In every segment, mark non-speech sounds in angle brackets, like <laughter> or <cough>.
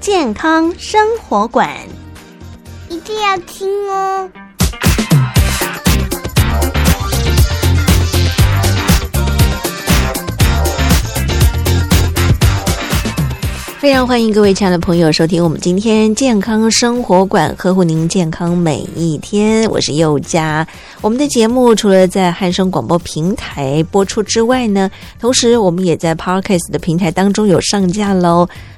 健康生活館，一定要聽哦。非常歡迎各位親愛的朋友收聽我們今天健康生活館，呵護您健康每一天。我是佑佳。我們的節目除了在漢聲廣播平台播出之外呢，同時我們也在 Podcast 的平台當中有上架嘍。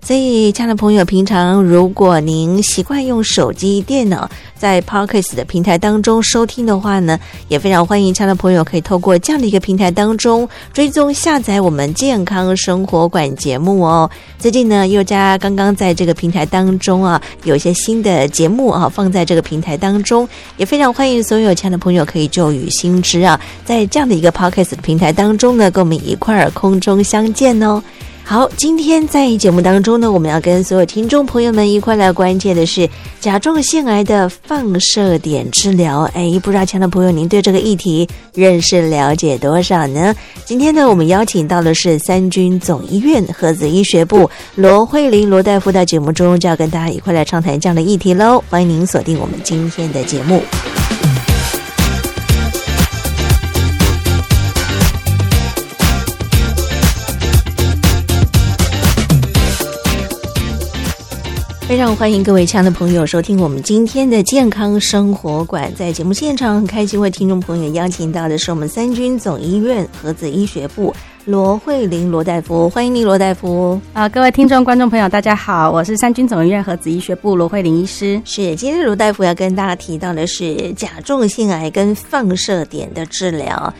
所以，親愛的朋友平常如果您習慣用手機、電腦在 Podcast 的平台當中收聽的話呢，也非常歡迎親愛的朋友可以透過這樣的一個平台當中追蹤下載我們健康生活館節目哦。最近呢。又加剛剛在這個平台當中啊，有一些新的節目啊，放在這個平台當中，也非常歡迎所有親愛的朋友可以就與新知啊，在這樣的一個 podcast 平台當中呢，跟我們一塊兒空中相見哦。好，今天在節目當中呢，我們要跟所有聽眾朋友們一塊來關切的是甲狀腺癌的放射碘治療。哎，不知道親愛的朋友，您對這個議題認識了解多少呢？今天呢，我們邀請到的是三軍總醫院核子醫學部羅惠鈴羅大夫，在節目中就要跟大家一塊來暢談這樣的議題嘍。歡迎您鎖定我們今天的節目。非常歡迎各位親愛的朋友收聽我們今天的健康生活館，在節目現場很開心為聽眾朋友邀請到的是我們三軍總醫院核子醫學部羅惠鈴羅大夫，歡迎你羅大夫啊！各位聽眾觀眾朋友，大家好，我是三軍總醫院核子醫學部羅惠鈴醫師。是，今天羅大夫要跟大家提到的是甲狀腺癌跟放射碘的治療。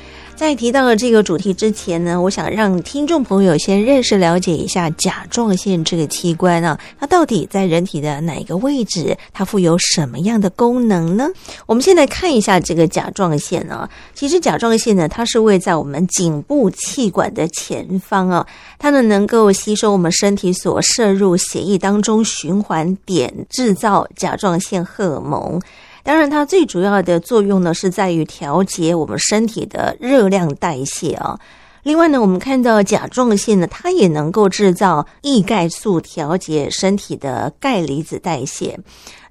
在提到了這個主題之前呢，我想讓聽眾朋友先認識了解一下甲狀腺這個器官啊，它到底在人體的哪個位置，它具有什麼樣的功能呢？我們先來看一下這個甲狀腺啊，其實甲狀腺呢，它是位在我們頸部氣管的前方啊，它呢能夠吸收我們身體所攝入血液當中循環碘，製造甲狀腺荷爾蒙。當然，它最主要的作用呢，是在於調節我們身體的熱量代謝啊、哦。另外呢，我們看到甲狀腺呢，它也能夠制造抑鈣素，調節身體的鈣離子代謝。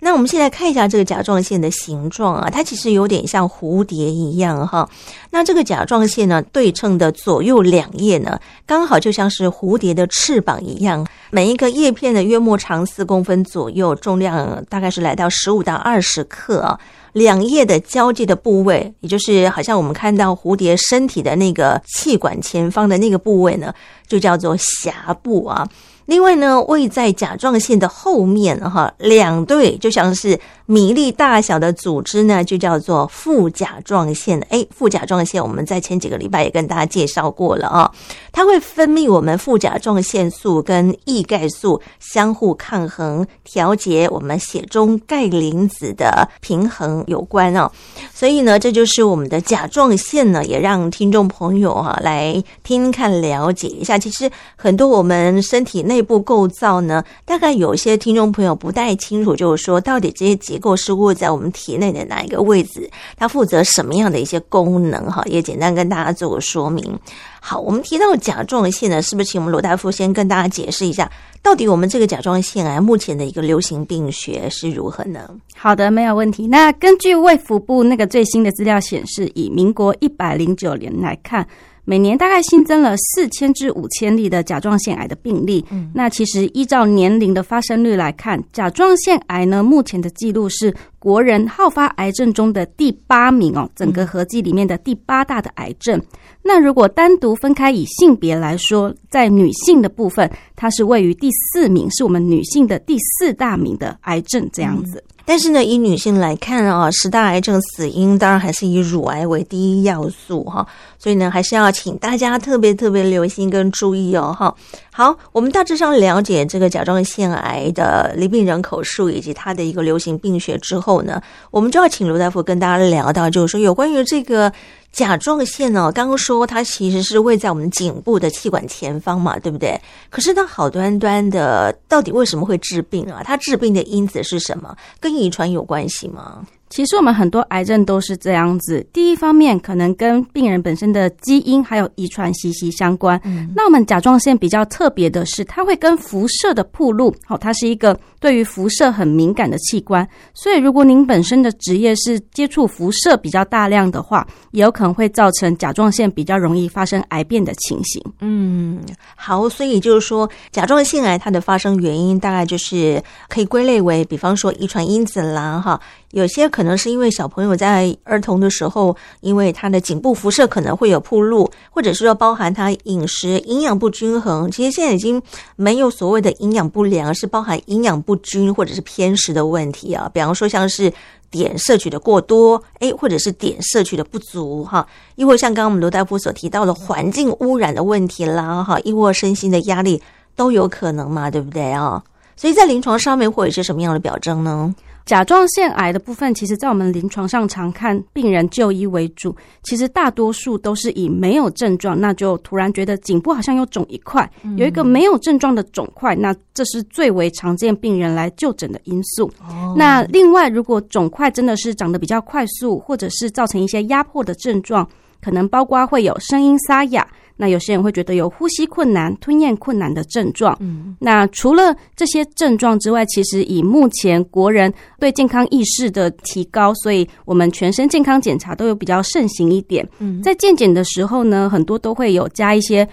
那我們現在看一下這個甲狀腺的形狀啊，它其實有點像蝴蝶一樣哈。那這個甲狀腺呢，對稱的左右兩葉呢，剛好就像是蝴蝶的翅膀一樣。每一個葉片呢，約莫長四公分左右，重量大概是來到十五到二十克啊。兩葉的交界的部位，也就是好像我們看到蝴蝶身體的那個氣管前方的那個部位呢，就叫做峽部啊。另外呢，位在甲狀腺的後面，哈，兩對就像是米粒大小的組織呢，就叫做副甲狀腺。哎，副甲狀腺，我們在前幾個禮拜也跟大家介紹過了啊、哦，它會分泌我們副甲狀腺素跟抑鈣素相互抗衡，調節我們血中鈣離子的平衡有關哦。所以呢，這就是我們的甲狀腺呢，也讓聽眾朋友哈、啊，來聽看了解一下。其實很多我們身體內。內部構造呢，大概有些聽眾朋友不太清楚，就是說到底這些結構是位在我們體內的哪一個位置？它負責什麼樣的一些功能？哈，也簡單跟大家做個說明。好，我們提到甲狀腺呢，是不是請我們羅大夫先跟大家解釋一下，到底我們這個甲狀腺癌、啊、目前的一個流行病學是如何呢？好的，沒有問題。那根據衛福部那個最新的資料顯示，以民國一百零九年來看。每年大概新增了四千至五千例的甲狀腺癌的病例。那其實依照年齡的發生率來看，甲狀腺癌呢，目前的記錄是。國人好發癌症中的第八名哦，整個合計裡面的第八大的癌症。那如果單獨分開以性別來說，在女性的部分，它是位於第四名，是我們女性的第四大名的癌症這樣子。但是呢，以女性來看哦，十大癌症死因當然還是以乳癌為第一要素哈，所以呢，還是要請大家特別特別留心跟注意哦哈。好，我們大致上了解這個甲狀腺癌的罹病人口數以及它的一個流行病學之後呢，我們就要請羅大夫跟大家聊到，就是說有關於這個。甲狀腺呢？剛剛說它其實是位在我們頸部的氣管前方嘛，對不對？可是它好端端的，到底為什麼會致病啊？它致病的因子是什麼？跟遺傳有關係嗎？其實我們很多癌症都是這樣子。第一方面，可能跟病人本身的基因還有遺傳息息相關。嗯、那我們甲狀腺比較特別的是，它會跟輻射的曝露，好、哦，它是一個對於輻射很敏感的器官。所以如果您本身的職業是接觸輻射比較大量的話，也有可能。可能會造成甲狀腺比較容易發生癌變的情形。嗯，好，所以就是說甲狀腺癌它的發生原因，大概就是可以歸類為，比方說遺傳因子啦，哈，有些可能是因為小朋友在兒童的時候，因為他的頸部輻射可能會有曝露，或者是說包含他飲食營養不均衡。其實現在已經沒有所謂的營養不良，而是包含營養不均或者是偏食的問題啊，比方說像是。碘攝取的過多，誒，或者是碘攝取的不足，哈，亦或像剛剛我們羅大夫所提到的環境汙染的問題啦，哈，亦或身心的壓力都有可能嘛，對不對啊？所以在臨床上面，會有一些什麼樣的表徵呢？甲狀腺癌的部分，其實，在我們臨床上常看病人就醫為主。其實大多數都是以沒有症狀，那就突然覺得頸部好像有腫一塊，有一個沒有症狀的腫塊，那這是最為常見病人來就診的因素。那另外，如果腫塊真的是長得比較快速，或者是造成一些壓迫的症狀，可能包括會有聲音沙啞。那有些人會覺得有呼吸困難、吞嚥困難的症狀。嗯，那除了這些症狀之外，其實以目前國人對健康意識的提高，所以我們全身健康檢查都有比較盛行一點。嗯，在健檢的時候呢，很多都會有加一些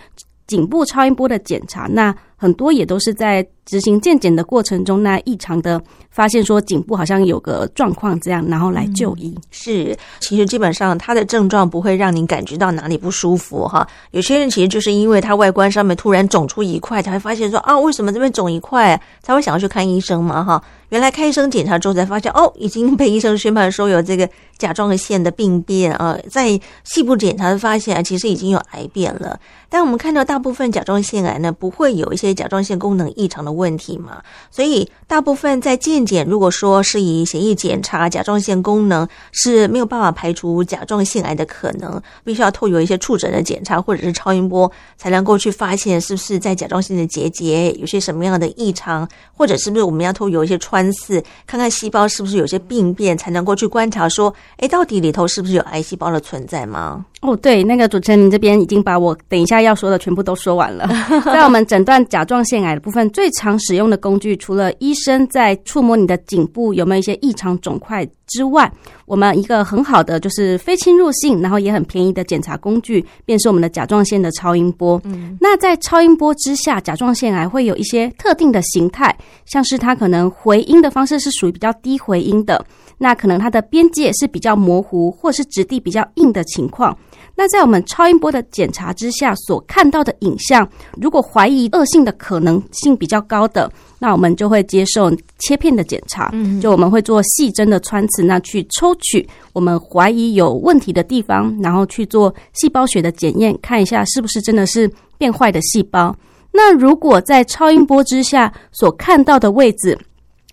頸部超音波的檢查。那很多也都是在執行健檢的過程中，那異常的發現說頸部好像有個狀況，這樣，然後來就醫。嗯。是，其實基本上他的症狀不會讓您感覺到哪裡不舒服哈。有些人其實就是因為他外觀上面突然腫出一塊，才會發現說啊，為什麼這邊腫一塊，才會想要去看醫生嘛哈。原來看醫生檢查之後才發現，哦，已經被醫生宣判說有這個甲狀腺的病變啊，在細部檢查的發現，其實已經有癌變了。但我們看到大部分甲狀腺癌呢，不會有一些。甲狀腺功能異常的問題嘛，所以大部分在健檢如果說是以血液檢查，甲狀腺功能是沒有辦法排除甲狀腺癌的可能，必須要透過一些觸診的檢查或者是超音波，才能夠去發現是不是在甲狀腺的結節有些什麼樣的異常，或者是不是我們要透過一些穿刺，看看細胞是不是有些病變，才能夠去觀察說，哎，到底裡頭是不是有癌細胞的存在嗎？哦，對，那個主持人您這邊已經把我等一下要說的全部都說完了，在 <laughs> 我們診斷甲。甲狀腺癌的部分最常使用的工具，除了醫生在觸摸你的頸部有沒有一些異常腫塊之外，我們一個很好的就是非侵入性，然後也很便宜的檢查工具，便是我們的甲狀腺的超音波。嗯，那在超音波之下，甲狀腺癌會有一些特定的形態，像是它可能回音的方式是屬於比較低回音的，那可能它的邊界是比較模糊，或是質地比較硬的情況。那在我們超音波的檢查之下所看到的影像，如果懷疑惡性的可能性比較高的，那我們就會接受切片的檢查。嗯，就我們會做細針的穿刺，那去抽取我們懷疑有問題的地方，然後去做細胞學的檢驗，看一下是不是真的是變壞的細胞。那如果在超音波之下所看到的位置，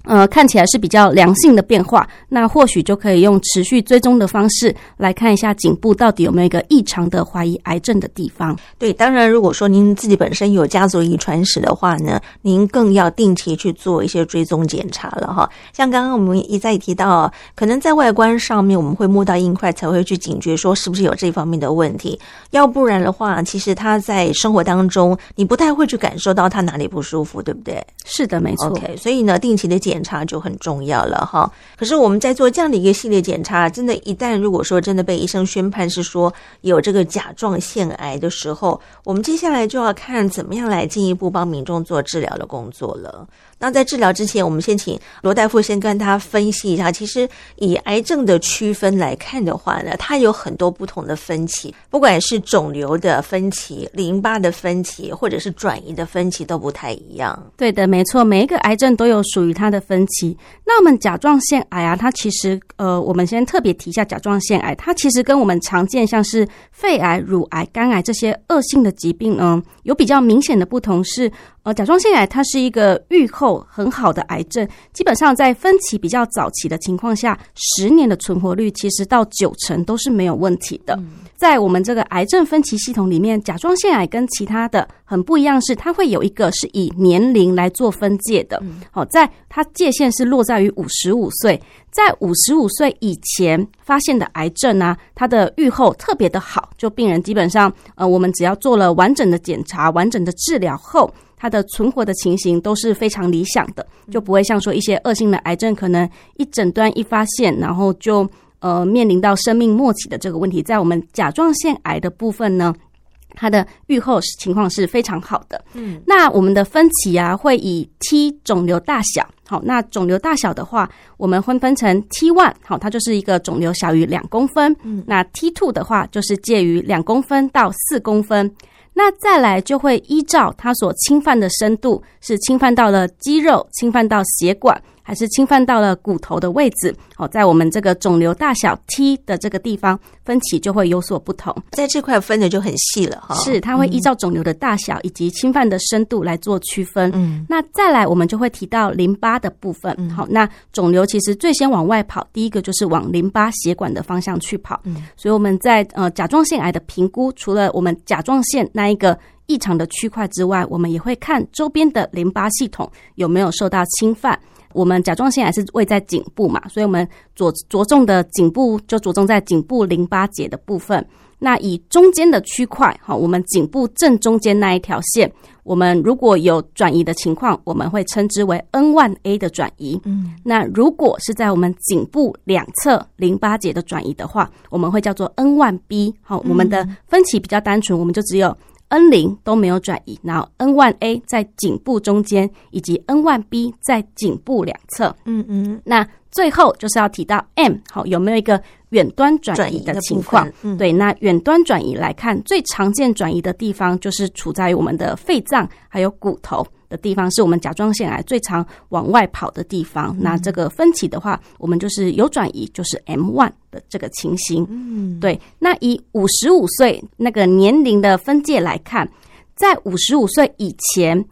呃，看起來是比較良性的變化，那或許就可以用持續追蹤的方式來看一下頸部到底有沒有一個異常的、懷疑癌症的地方。對，當然，如果說您自己本身有家族遺傳史的話呢，您更要定期去做一些追蹤檢查了哈。像剛剛我們一再提到，可能在外觀上面我們會摸到硬塊，才會去警覺說是不是有這方面的問題。要不然的話，其實他在生活當中，你不太會去感受到他哪裡不舒服，對不對？是的，沒錯。Okay, 所以呢，定期的檢。檢查就很重要了哈。可是我們在做這樣的一個系列檢查，真的，一旦如果說真的被醫生宣判是說有這個甲狀腺癌的時候，我們接下來就要看怎麼樣來進一步幫民眾做治療的工作了。那在治療之前，我們先請羅大夫先跟他分析一下。其實以癌症的區分來看的話呢，它有很多不同的分期，不管是腫瘤的分期、淋巴的分期或者是轉移的分期都不太一樣。對的，沒錯，每一個癌症都有屬於它的分期。那我們甲狀腺癌啊，它其實呃，我們先特別提一下甲狀腺癌，它其實跟我們常見像是肺癌、乳癌、肝癌這些惡性的疾病呢，呃，有比較明顯的不同是，呃，甲狀腺癌它是一個預後。很好的癌症，基本上在分期比較早期的情況下，十年的存活率其實到九成都是沒有問題的。在我們這個癌症分期系統裡面，甲狀腺癌跟其他的很不一樣是，是它會有一個是以年齡來做分界的。好，在它界限是落在於五十五歲，在五十五歲以前發現的癌症呢、啊，它的預後特別的好，就病人基本上呃，我們只要做了完整的檢查、完整的治療後。它的存活的情形都是非常理想的，就不會像說一些惡性的癌症，可能一診斷一發現，然後就呃面臨到生命末期的這個問題。在我們甲狀腺癌的部分呢，它的預後情況是非常好的。嗯，那我們的分期啊，會以 T 腫瘤大小，好，哦，那腫瘤大小的話，我們會分，分成 T 1、哦。好，它就是一個腫瘤小於兩公分，嗯，那 T 2的話，就是介於兩公分到四公分。那再來就會依照它所侵犯的深度，是侵犯到了肌肉，侵犯到血管。還是侵犯到了骨頭的位置，好，在我們這個腫瘤大小 T 的這個地方，分期就會有所不同。在這塊分的就很細了哈。是，它會依照腫瘤的大小以及侵犯的深度來做區分。嗯，那再來我們就會提到淋巴的部分。好，嗯，那腫瘤其實最先往外跑，第一個就是往淋巴血管的方向去跑。嗯，所以我們在呃甲狀腺癌的評估，除了我們甲狀腺那一個異常的區塊之外，我們也會看周邊的淋巴系統有沒有受到侵犯。我們甲狀腺還是位在頸部嘛，所以我們着着重的頸部就着重在頸部淋巴結的部分。那以中間的區塊，哈，我們頸部正中間那一條線，我們如果有轉移的情況，我們會稱之為 N1A 的轉移。嗯，那如果是在我們頸部兩側淋巴結的轉移的話，我們會叫做 N1B。哈，我們的分期比較單純，我們就只有。N 零都沒有轉移，然後 N 1 A 在頸部中間，以及 N 1 B 在頸部兩側。嗯嗯，那最後就是要提到 M，好、哦，有沒有一個遠端轉移的情況？嗯、對，那遠端轉移來看，最常見轉移的地方就是處在我們的肺臟，還有骨頭。的地方是我們甲狀腺癌最常往外跑的地方。嗯、那這個分期的話，我們就是有轉移就是 M one 的這個情形。嗯、對，那以五十五歲那個年齡的分界來看，在五十五歲以前，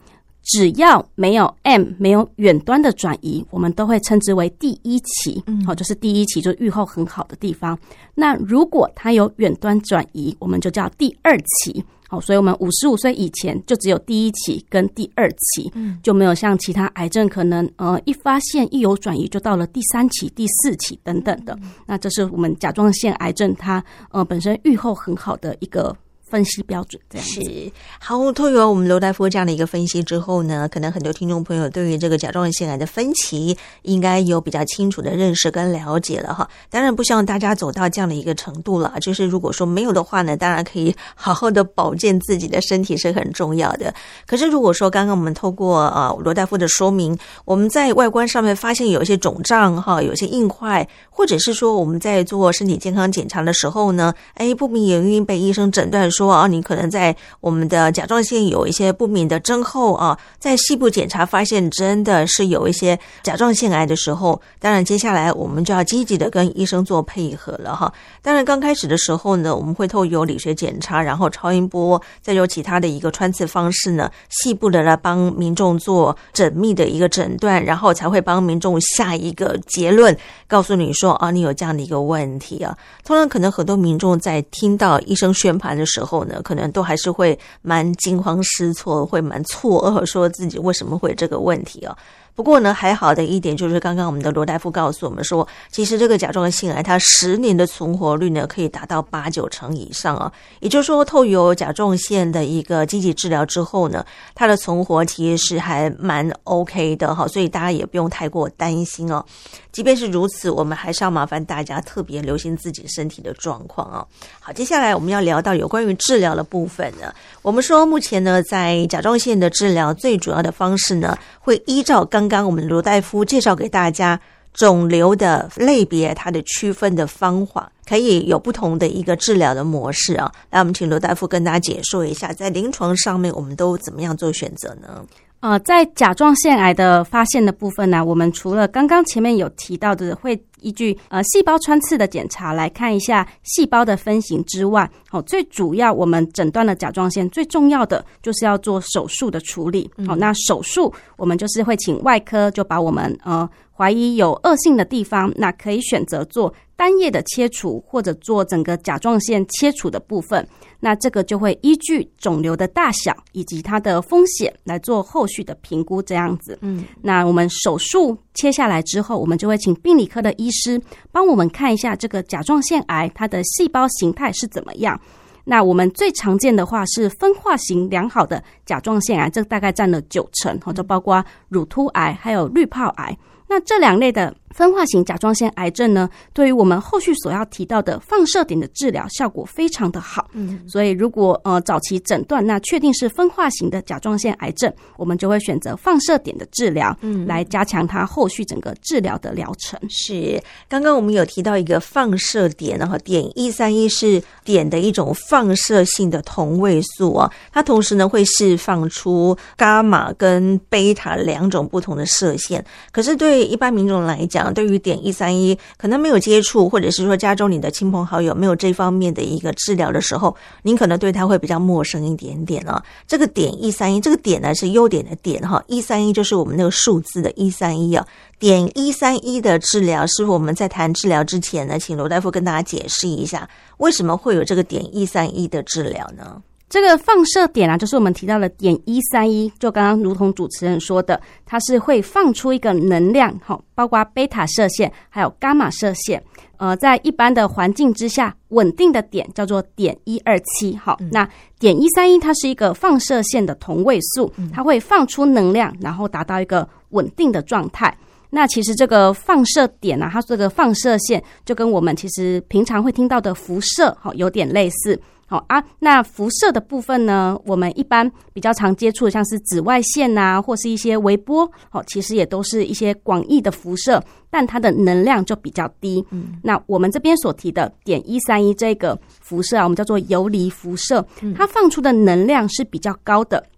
只要沒有 M 沒有遠端的轉移，我們都會稱之為第一期。好、嗯哦，就是第一期就預後很好的地方。那如果它有遠端轉移，我們就叫第二期。好，所以我們五十五歲以前就只有第一期跟第二期，嗯，就沒有像其他癌症可能，呃，一發現一有轉移就到了第三期、第四期等等的。那這是我們甲狀腺癌症它，呃，本身預後很好的一個分析標準，這樣子。是，好，透過我們羅大夫這樣的一個分析之後呢，可能很多聽眾朋友對於這個甲狀腺癌的分期，應該有比較清楚的認識跟了解了哈。當然，不希望大家走到這樣的一個程度了。就是如果說沒有的話呢，當然可以好好的保健自己的身體是很重要的。可是如果說剛剛我們透過啊羅大夫的說明，我們在外觀上面發現有一些腫脹哈，有一些硬塊，或者是說我們在做身體健康檢查的時候呢，哎，不明原因被醫生診斷說。說啊，你可能在我們的甲狀腺有一些不明的症候啊，在細部檢查發現真的是有一些甲狀腺癌的時候，當然接下來我們就要積極的跟醫生做配合了哈。當然剛開始的時候呢，我們會透過理學檢查，然後超音波，再由其他的一個穿刺方式呢，細部的來幫民眾做縝密的一個診斷，然後才會幫民眾下一個結論，告訴你說啊，你有這樣的一個問題啊。通常可能很多民眾在聽到醫生宣判的時候，後呢，可能都還是會蠻驚慌失措，會蠻錯愕，說自己為什麼會這個問題哦。不過呢，還好的一點就是，剛剛我們的羅大夫告訴我們說，其實這個甲狀腺癌它十年的存活率呢，可以達到八九成以上啊。也就是說，透過甲狀腺的一個積極治療之後呢，它的存活其實是還蠻 OK 的哈。所以大家也不用太過擔心哦。即便是如此，我們還是要麻煩大家特別留心自己身體的狀況啊。好，接下來我們要聊到有關於治療的部分呢。我們說，目前呢，在甲狀腺的治療最主要的方式呢，會依照剛剛剛我們羅大夫介紹給大家腫瘤的類別，它的區分的方法，可以有不同的一個治療的模式啊。那我們請羅大夫跟大家解說一下，在臨床上面，我們都怎麼樣做選擇呢？呃，在甲狀腺癌的發現的部分呢，我們除了剛剛前面有提到的，會依據呃細胞穿刺的檢查來看一下細胞的分型之外，哦，最主要我們診斷的甲狀腺最重要的就是要做手術的處理哦。嗯，那手術我們就是會請外科就把我們呃懷疑有惡性的地方，那可以選擇做單葉的切除或者做整個甲狀腺切除的部分。那這個就會依據腫瘤的大小以及它的風險來做後續的評估，這樣子。嗯，那我們手術切下來之後，我們就會請病理科的醫師幫我們看一下這個甲狀腺癌它的細胞形態是怎麼樣。那我們最常見的話是分化型良好的甲狀腺癌，這大概佔了九成，或者包括乳突癌還有濾泡癌。那這兩類的。分化型甲狀腺癌症呢，對於我們後續所要提到的放射碘的治療效果非常的好。嗯，所以如果呃早期診斷，那確定是分化型的甲狀腺癌症，我們就會選擇放射碘的治療，嗯，來加強它後續整個治療的療程。是，剛剛我們有提到一個放射碘，然後碘一三一是碘的一種放射性的同位素哦、啊，它同時呢會釋放出伽馬跟貝塔兩種不同的射線。可是對於一般民眾來講，對於碘一三一，可能沒有接觸，或者是說家中你的親朋好友沒有這方面的一個治療的時候，您可能對它會比較陌生一點點哦，這個碘一三一，這個碘呢是優碘的碘哈、哦，一三一就是我們那個數字的一三一啊。碘一三一的治療，師傅我們在談治療之前呢，請羅大夫跟大家解釋一下，為什麼會有這個碘一三一的治療呢？這個放射碘啊，就是我們提到的碘一三一，就剛剛如同主持人說的，它是會放出一個能量，好，包括貝塔射線還有伽馬射線。呃，在一般的環境之下，穩定的碘叫做碘一二七。好，那碘一三一它是一個放射線的同位素，它會放出能量，然後達到一個穩定的狀態。那其實這個放射碘啊，它這個放射線就跟我們其實平常會聽到的輻射，好，有點類似。好、哦、啊，那輻射的部分呢？我們一般比較常接觸的，像是紫外線吶、啊，或是一些微波，哦，其實也都是一些廣義的輻射，但它的能量就比較低。嗯，那我們這邊所提的碘131這個輻射啊，我們叫做游離輻射，它放出的能量是比較高的。嗯嗯。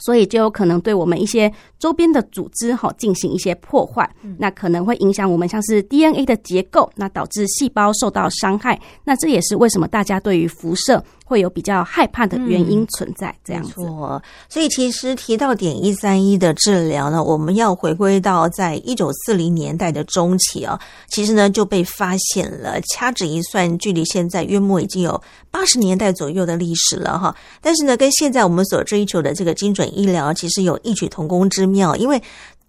所以就有可能對我們一些周邊的組織哈，進行一些破壞，那可能會影響我們像是 DNA 的結構，那導致細胞受到傷害。那這也是為什麼大家對於輻射會有比較害怕的原因存在，嗯、這樣子沒錯。所以其實提到碘一三一的治療呢，我們要回歸到在一九四零年代的中期啊，其實呢就被發現了。掐指一算，距離現在約莫已經有八十年代左右的歷史了哈。但是呢，跟現在我們所追求的這個精準醫療其實有異曲同工之妙，因為。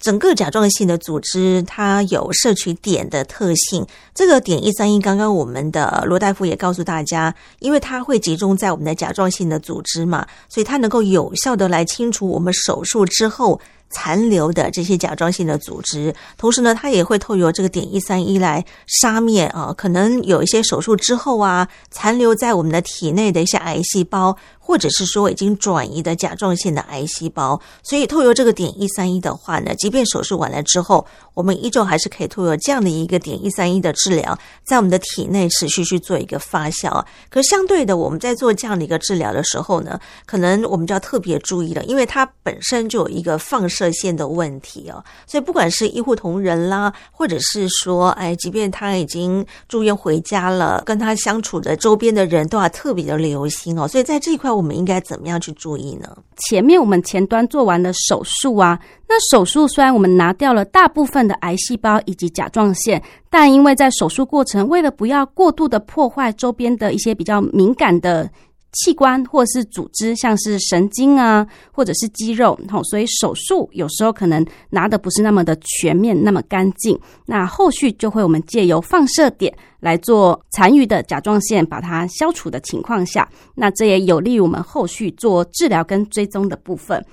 整個甲狀腺的組織，它有攝取碘的特性。這個碘一三一，剛剛我們的羅大夫也告訴大家，因為它會集中在我們的甲狀腺的組織嘛，所以它能夠有效的來清除我們手術之後殘留的這些甲狀腺的組織。同時呢，它也會透過這個碘一三一來殺滅啊，可能有一些手術之後啊，殘留在我們的體內的一些癌細胞。或者是說已經轉移的甲狀腺的癌細胞，所以透過這個碘一三一的話呢，即便手術完了之後，我們依舊還是可以透過這樣的一個碘一三一的治療，在我們的體內持續去做一個發酵。可相對的，我們在做這樣的一個治療的時候呢，可能我們就要特別注意了，因為它本身就有一個放射線的問題哦。所以不管是醫護同仁啦，或者是說，哎，即便他已經住院回家了，跟他相處的周邊的人都要特別的留心哦。所以在這一塊。我們應該怎麼樣去注意呢？前面我們前端做完了手術啊，那手術雖然我們拿掉了大部分的癌細胞以及甲狀腺，但因為在手術過程，為了不要過度的破壞周邊的一些比較敏感的。器官或者是組織，像是神經啊，或者是肌肉，吼，所以手術有時候可能拿得不是那麼的全面，那麼乾淨。那後續就會我們借由放射碘來做殘餘的甲狀腺把它消除的情況下，那這也有利於我們後續做治療跟追蹤的部分。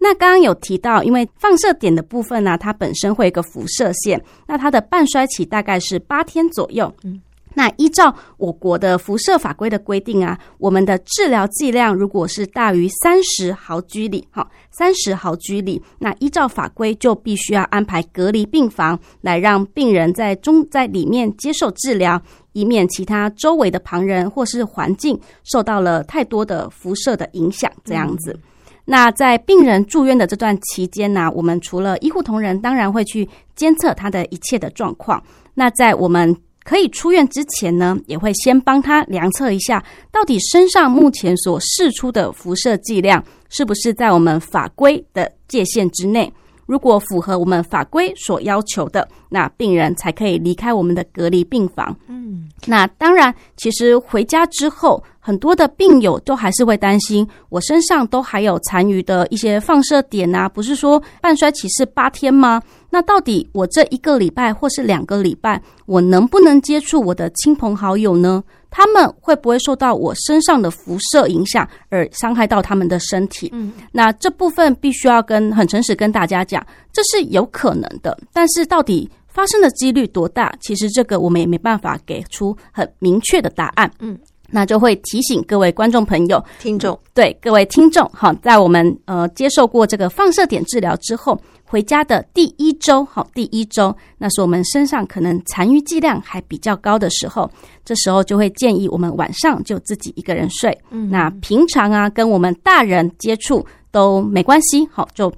那剛剛有提到，因為放射碘的部分呢、啊，它本身會有一個輻射線，那它的半衰期大概是八天左右。嗯那依照我國的輻射法規的規定啊，我們的治療劑量如果是大於三十毫居里，哈，三十毫居里，那依照法規就必須要安排隔離病房，來讓病人在中在裡面接受治療，以免其他周圍的旁人或是環境受到了太多的輻射的影響。這樣子，嗯、那在病人住院的這段期間呢、啊，我們除了醫護同仁，當然會去監測他的一切的狀況。那在我們。可以出院之前呢，也會先幫他量測一下，到底身上目前所釋出的輻射劑量是不是在我們法規的界限之內。如果符合我們法規所要求的，那病人才可以離開我們的隔離病房。嗯，那當然，其實回家之後，很多的病友都還是會擔心，我身上都還有殘餘的一些放射碘啊，不是說半衰期是八天嗎？那到底我這一個禮拜或是兩個禮拜，我能不能接觸我的親朋好友呢？他們會不會受到我身上的輻射影響而傷害到他們的身體？嗯，那這部分必須要跟很誠實跟大家講，這是有可能的。但是到底發生的幾率多大？其實這個我們也沒辦法給出很明確的答案。嗯。那就會提醒各位觀眾朋友、聽眾，對，各位聽眾，好，在我們呃接受過這個放射碘治療之後，回家的第一周，哈，第一周，那是我們身上可能殘餘劑量還比較高的時候，這時候就會建議我們晚上就自己一個人睡。嗯，那平常啊，跟我們大人接觸都沒關係，好，就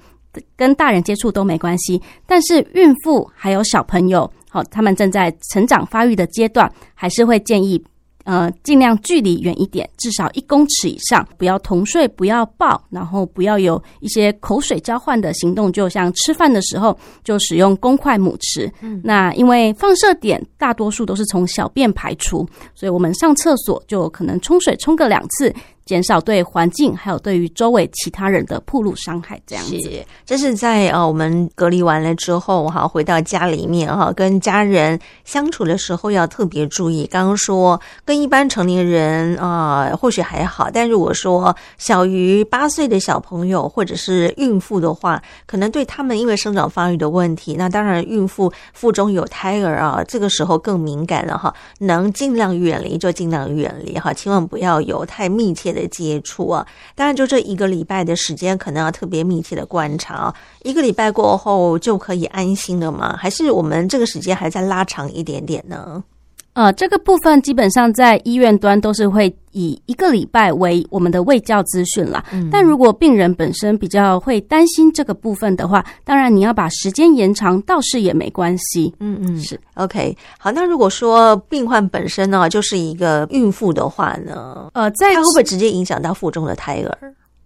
跟大人接觸都沒關係。但是孕婦還有小朋友，好，他們正在成長發育的階段，還是會建議。呃，盡量距離遠一點，至少一公尺以上，不要同睡，不要抱，然後不要有一些口水交換的行動，就像吃飯的時候就使用公筷母匙。嗯，那因為放射碘大多數都是從小便排出，所以我們上廁所就可能沖水沖個兩次。減少對環境還有對於周圍其他人的曝露傷害，這樣子。這是在呃、啊、我們隔離完了之後哈、啊，回到家裡面哈、啊，跟家人相處的時候要特別注意。剛剛說跟一般成年人啊，或許還好，但如果說小於八歲的小朋友或者是孕婦的話，可能對他們因為生長發育的問題，那當然孕婦腹中有胎兒啊，這個時候更敏感了哈、啊，能盡量遠離就盡量遠離哈、啊，千萬不要有太密切的。接觸啊，當然就這一個禮拜的時間，可能要特別密切的觀察。一個禮拜過後就可以安心了嗎？還是我們這個時間還在拉長一點點呢？呃，這個部分基本上在醫院端都是會以一個禮拜為我們的衛教資訊啦。嗯，但如果病人本身比較會擔心這個部分的話，當然你要把時間延長倒是也沒關係。嗯嗯，是 OK。好，那如果說病患本身呢，啊，就是一個孕婦的話呢，呃，在它會不會直接影響到腹中的胎兒？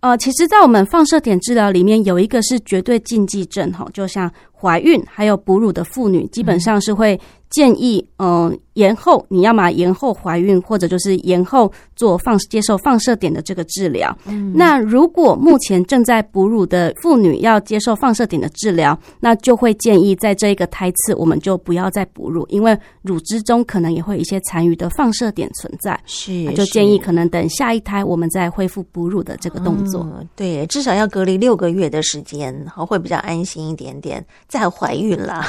呃，其實，在我們放射碘治療裡面有一個是絕對禁忌症哈，哦，就像。懷孕還有哺乳的婦女，基本上是會建議，嗯，延後。你要麼延後懷孕，或者就是延後做放接受放射碘的這個治療。嗯、那如果目前正在哺乳的婦女要接受放射碘的治療，那就會建議在這一個胎次，我們就不要再哺乳，因為乳汁中可能也會有一些殘餘的放射碘存在。是，就建議可能等下一胎我們再恢復哺乳的這個動作。嗯、對，至少要隔離六個月的時間，會比較安心一點點。在懷孕了，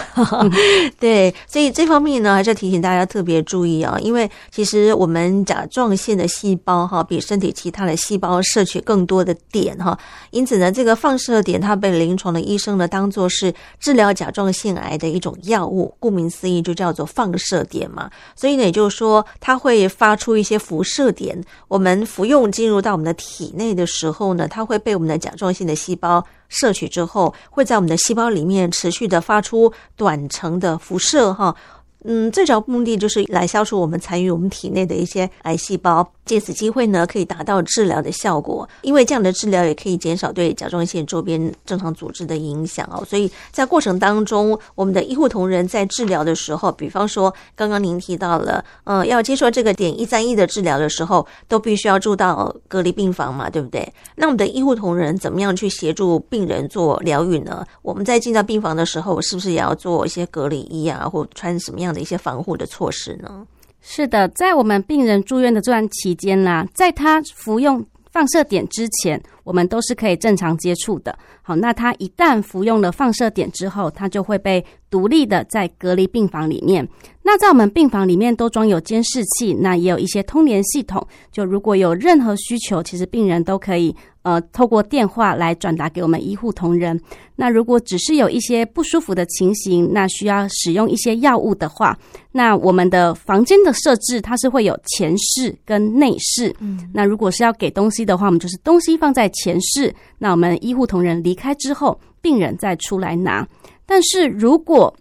<laughs> 對，所以這方面呢，還是要提醒大家特別注意啊、哦，因為其實我們甲狀腺的細胞哈，比身體其他的細胞攝取更多的碘哈，因此呢，這個放射碘它被臨床的醫生呢當做是治療甲狀腺癌的一種藥物，顧名思義就叫做放射碘嘛，所以呢，也就是說它會發出一些輻射碘，我們服用進入到我們的體內的時候呢，它會被我們的甲狀腺的細胞攝取之後，會在我們的細胞裡面持續的發出短程的輻射，哈，嗯，最主要目的就是來消除我們殘餘我們體內的一些癌細胞。借此機會呢，可以達到治療的效果，因為這樣的治療也可以減少對甲狀腺周邊正常組織的影響哦。所以在過程當中，我們的醫護同仁在治療的時候，比方說剛剛您提到了，嗯、呃，要接受這個碘一三一的治療的時候，都必須要住到隔離病房嘛，對不對？那我們的醫護同仁怎麼樣去協助病人做療愈呢？我們在進到病房的時候，是不是也要做一些隔離衣啊，或穿什麼樣的一些防護的措施呢？是的，在我們病人住院的這段期間呢、啊，在他服用放射碘之前，我們都是可以正常接觸的。好，那他一旦服用了放射碘之後，他就會被獨立的在隔離病房裡面。那在我們病房裡面都裝有監視器，那也有一些通聯系統。就如果有任何需求，其實病人都可以呃透過電話來轉達給我們醫護同仁。那如果只是有一些不舒服的情形，那需要使用一些藥物的話，那我們的房間的設置它是會有前室跟內室。嗯，那如果是要給東西的話，我們就是東西放在。前世，那我們醫護同仁離開之後，病人再出來拿。但是如果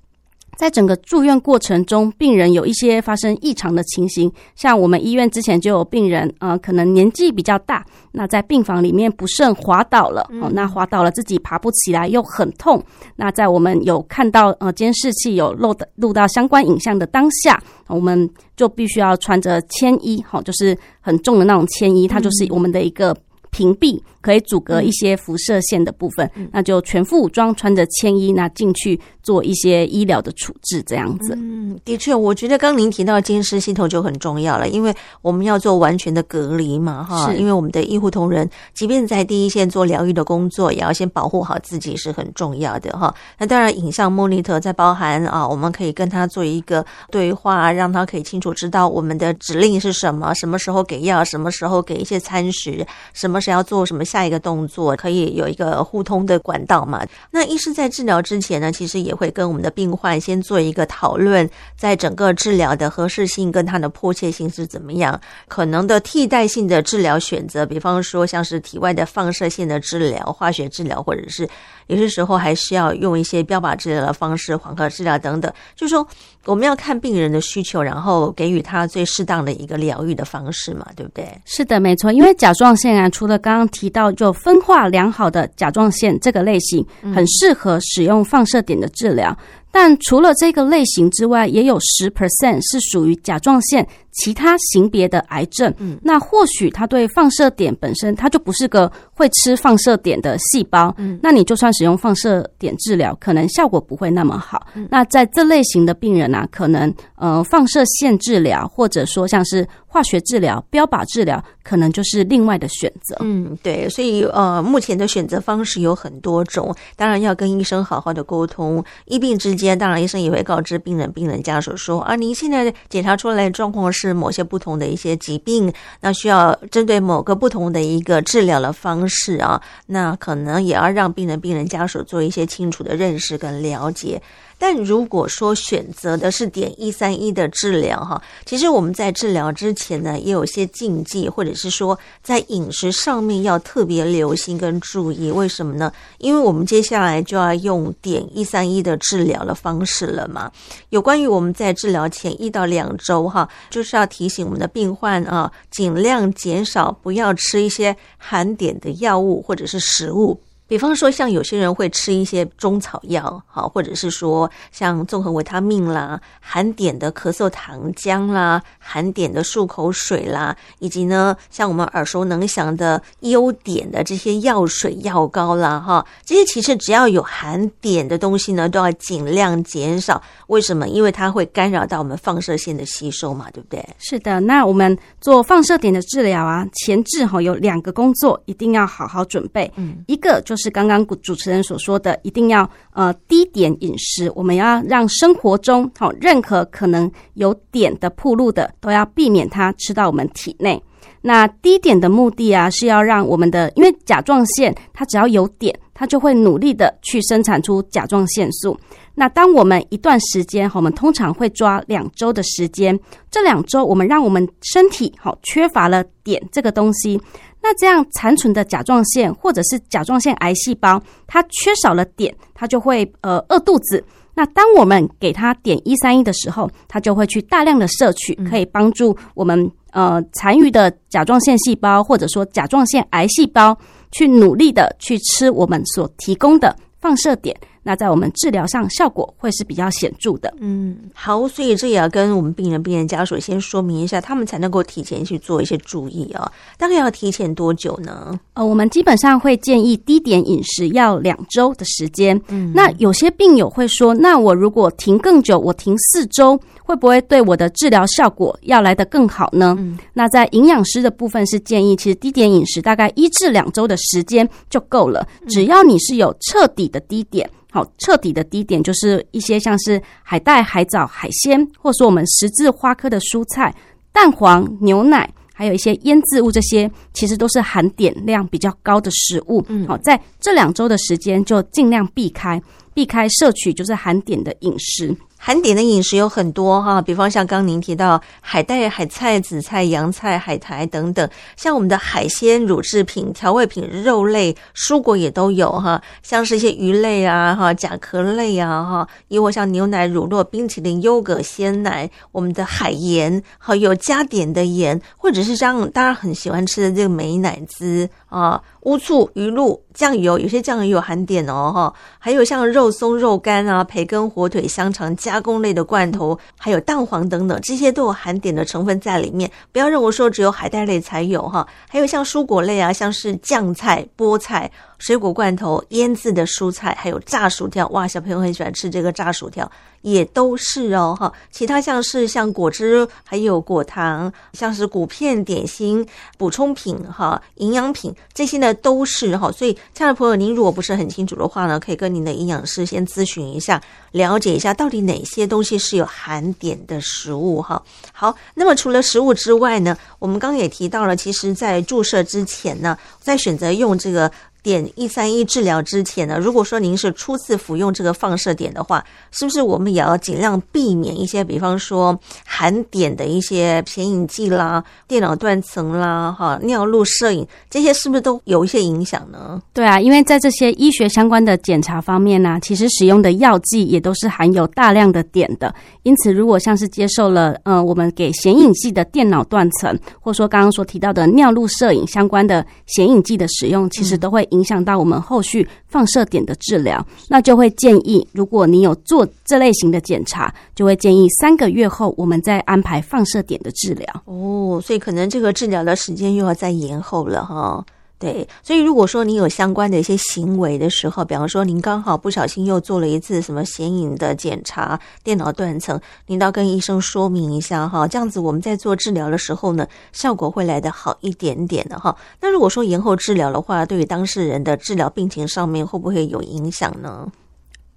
在整個住院過程中，病人有一些發生異常的情形，像我們醫院之前就有病人啊、呃，可能年紀比較大，那在病房裡面不慎滑倒了哦，那滑倒了自己爬不起來又很痛。那在我們有看到呃監視器有錄的錄到相關影像的當下，哦、我們就必須要穿着鉛衣，好、哦，就是很重的那種鉛衣，它就是我們的一個屏蔽。可以阻隔一些輻射線的部分，嗯、那就全副武裝，穿着鉛衣，那進去做一些醫療的處置，這樣子。嗯，的確，我覺得剛您提到監視系統就很重要了，因為我們要做完全的隔離嘛，哈是，因為我們的醫護同仁，即便在第一線做療癒的工作，也要先保護好自己是很重要的哈。那當然，影像 monitor 在包含啊，我們可以跟他做一個對話，讓他可以清楚知道我們的指令是什麼，什麼時候給藥，什麼時候給一些餐食，什麼時候要做什麼。下一個動作可以有一個互通的管道嘛。那醫師在治療之前呢，其實也會跟我們的病患先做一個討論，在整個治療的合適性跟它的迫切性是怎麼樣，可能的替代性的治療選擇，比方說像是體外的放射性的治療、化學治療或者是。有些時候還是要用一些標靶治療的方式，緩和治療等等，就是說我們要看病人的需求，然後給予他最適當的一個療癒的方式嘛，對不對？是的，沒錯。因為甲狀腺啊，除了剛剛提到，就分化良好的甲狀腺這個類型，很適合使用放射碘的治療。嗯。但除了這個類型之外，也有十 percent 是屬於甲狀腺其他型別的癌症。嗯，那或許它對放射碘本身，它就不是個會吃放射碘的細胞。嗯，那你就算使用放射碘治療，可能效果不會那麼好。嗯，那在這類型的病人呢，啊，可能呃放射線治療，或者說像是。化學治療、標靶治療可能就是另外的選擇。嗯，對，所以呃，目前的選擇方式有很多種，當然要跟醫生好好的溝通。醫病之間，當然醫生也會告知病人、病人家屬說啊，您現在檢查出來的狀況是某些不同的一些疾病，那需要針對某個不同的一個治療的方式啊，那可能也要讓病人、病人家屬做一些清楚的認識跟了解。但如果說選擇的是碘一三一的治療哈，其實我們在治療之前呢，也有些禁忌，或者是說在飲食上面要特別留心跟注意。為什麼呢？因為我們接下來就要用碘一三一的治療的方式了嘛。有關於我們在治療前一到兩周哈，就是要提醒我們的病患啊，盡量減少不要吃一些含碘的藥物或者是食物。比方說，像有些人會吃一些中草藥，好，或者是說像綜合維他命啦、含碘的咳嗽糖漿啦、含碘的漱口水啦，以及呢，像我們耳熟能詳的優碘的這些藥水、藥膏啦，哈，這些其實只要有含碘的東西呢，都要盡量減少。為什麼？因為它會干擾到我們放射線的吸收嘛，對不對？是的。那我們做放射碘的治療啊，前置哈，有兩個工作一定要好好準備，嗯，一個就是。就是剛剛主持人所說的，一定要呃低碘飲食。我們要讓生活中好、哦、任何可能有碘的暴露的都要避免它吃到我們體內。那低碘的目的啊，是要讓我們的因為甲狀腺它只要有碘，它就會努力的去生產出甲狀腺素。那當我們一段時間，我們通常會抓兩周的時間，這兩周我們讓我們身體好、哦、缺乏了碘這個東西。那這樣殘存的甲狀腺或者是甲狀腺癌細胞，它缺少了碘，它就會呃餓肚子。那當我們給它碘131的時候，它就會去大量的攝取，可以幫助我們呃殘餘的甲狀腺細胞或者說甲狀腺癌細胞去努力的去吃我們所提供的放射碘。那在我們治療上效果會是比較顯著的，嗯，好，所以這也要跟我們病人、病人家屬先說明一下，他們才能夠提前去做一些注意啊、哦。大概要提前多久呢？呃，我們基本上會建議低碘飲食要兩周的時間。嗯，那有些病友會說，那我如果停更久，我停四周，會不會對我的治療效果要來得更好呢？嗯，那在營養師的部分是建議，其實低碘飲食大概一至兩周的時間就夠了，只要你是有徹底的低碘。嗯嗯好，徹底的低碘就是一些像是海帶、海藻、海鮮，或是說我們十字花科的蔬菜、蛋黃、牛奶，還有一些醃製物，這些其實都是含碘量比較高的食物。嗯，好，在這兩周的時間就儘量避開，避開攝取就是含碘的飲食。含碘的飲食有很多哈，比方像剛您提到海帶、海菜、紫菜、洋菜、海苔等等，像我們的海鮮、乳製品、調味品、肉類、蔬果也都有哈，像是一些魚類啊哈、甲殼類啊哈，以我像牛奶、乳酪、冰淇淋、優格、鮮奶，我們的海鹽哈，有加碘的鹽，或者是像大家很喜歡吃的這個美乃滋啊、呃、烏醋、魚露、醬油，有些醬油有含碘哦哈，還有像肉鬆、肉乾啊、培根、火腿、香腸醬。加工類的罐頭，還有蛋黃等等，這些都有含碘的成分在裡面。不要認為說只有海帶類才有哈，還有像蔬果類啊，像是醬菜、菠菜。水果罐頭、醃製的蔬菜，還有炸薯條，哇，小朋友很喜歡吃這個炸薯條，也都是哦，哈。其他像是像果汁，還有果糖，像是穀片、點心、補充品，哈，營養品這些呢，都是哈。所以，親愛的朋友，您如果不是很清楚的話呢，可以跟您的營養師先諮詢一下，了解一下到底哪些東西是有含碘的食物，哈。好，那麼除了食物之外呢，我們剛也提到了，其實，在注射之前呢，在選擇用這個。碘131治療之前呢，如果說您是初次服用這個放射碘的話，是不是我們也要盡量避免一些，比方說含碘的一些顯影劑啦、電腦斷層啦、哈尿路攝影這些，是不是都有一些影響呢？對啊，因為在這些醫學相關的檢查方面呢、啊，其實使用的藥劑也都是含有大量的碘的，因此如果像是接受了嗯、呃、我們給顯影劑的電腦斷層，或者說剛剛所提到的尿路攝影相關的顯影劑的使用，其實都會。影響到我們後續放射碘的治療，那就會建議，如果你有做這類型的檢查，就會建議三個月後我們再安排放射碘的治療。哦，所以可能這個治療的時間又要再延後了哈。對，所以如果說你有相關的一些行為的時候，比方說您剛好不小心又做了一次什麼顯影的檢查、電腦斷層，您都要跟醫生說明一下哈，這樣子我們在做治療的時候呢，效果會來得好一點點的哈。那如果說延後治療的話，對於當事人的治療病情上面會不會有影響呢？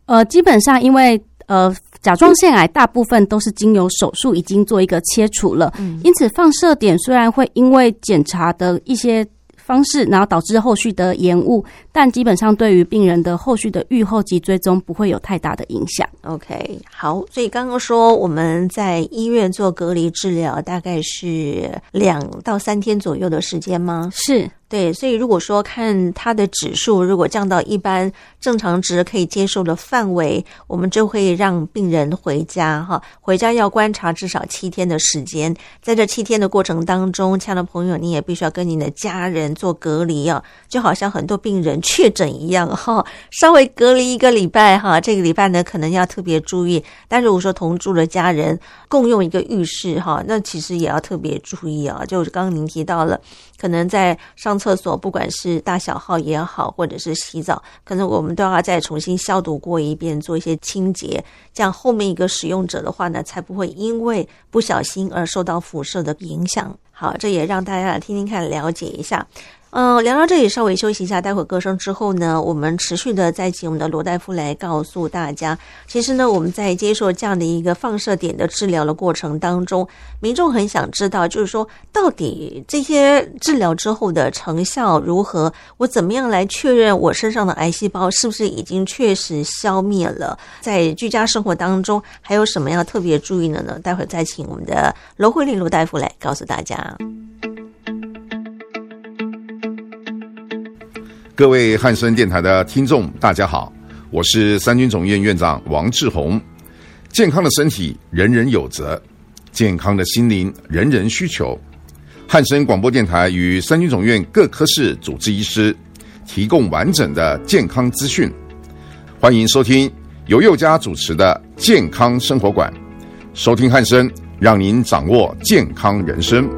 呃，基本上因為呃甲狀腺癌大部分都是經由手術已經做一個切除了，嗯、因此放射碘雖然會因為檢查的一些。方式，然後導致後續的延誤，但基本上對於病人的後續的預後及追蹤不會有太大的影響。OK，好，所以剛剛說我們在醫院做隔離治療，大概是兩到三天左右的時間嗎？是。對，所以如果說看他的指數，如果降到一般正常值，可以接受的範圍，我們就會讓病人回家哈，回家要觀察至少七天的時間，在這七天的過程當中，親愛的朋友，你也必須要跟你的家人做隔離啊，就好像很多病人確診一樣哈，稍微隔離一個禮拜哈，這個禮拜呢，可能要特別注意，但如果說同住的家人，共用一個浴室哈，那其實也要特別注意啊，就剛剛您提到了，可能在上廁所不管是大小號也好，或者是洗澡，可能我們都要再重新消毒過一遍，做一些清潔，這樣後面一個使用者的話呢，才不會因為不小心而受到輻射的影響。好，這也讓大家來聽聽看，了解一下。嗯，聊到這裡稍微休息一下，待會兒歌聲之後呢，我們持續的再請我們的羅大夫來告訴大家。其實呢，我們在接受這樣的一個放射碘的治療的過程當中，民眾很想知道，就是說到底這些治療之後的成效如何？我怎麼樣來確認我身上的癌細胞是不是已經確實消滅了？在居家生活當中還有什麼要特別注意的呢？待會兒再請我們的羅惠鈴羅大夫來告訴大家。各位漢森電台的聽眾，大家好，我是三軍總院院長王志宏。健康的身體人人有責，健康的心靈人人需求。漢森廣播電台與三軍總院各科室主治醫師提供完整的健康資訊，歡迎收聽由佑家主持的健康生活館。收聽漢森，讓您掌握健康人生。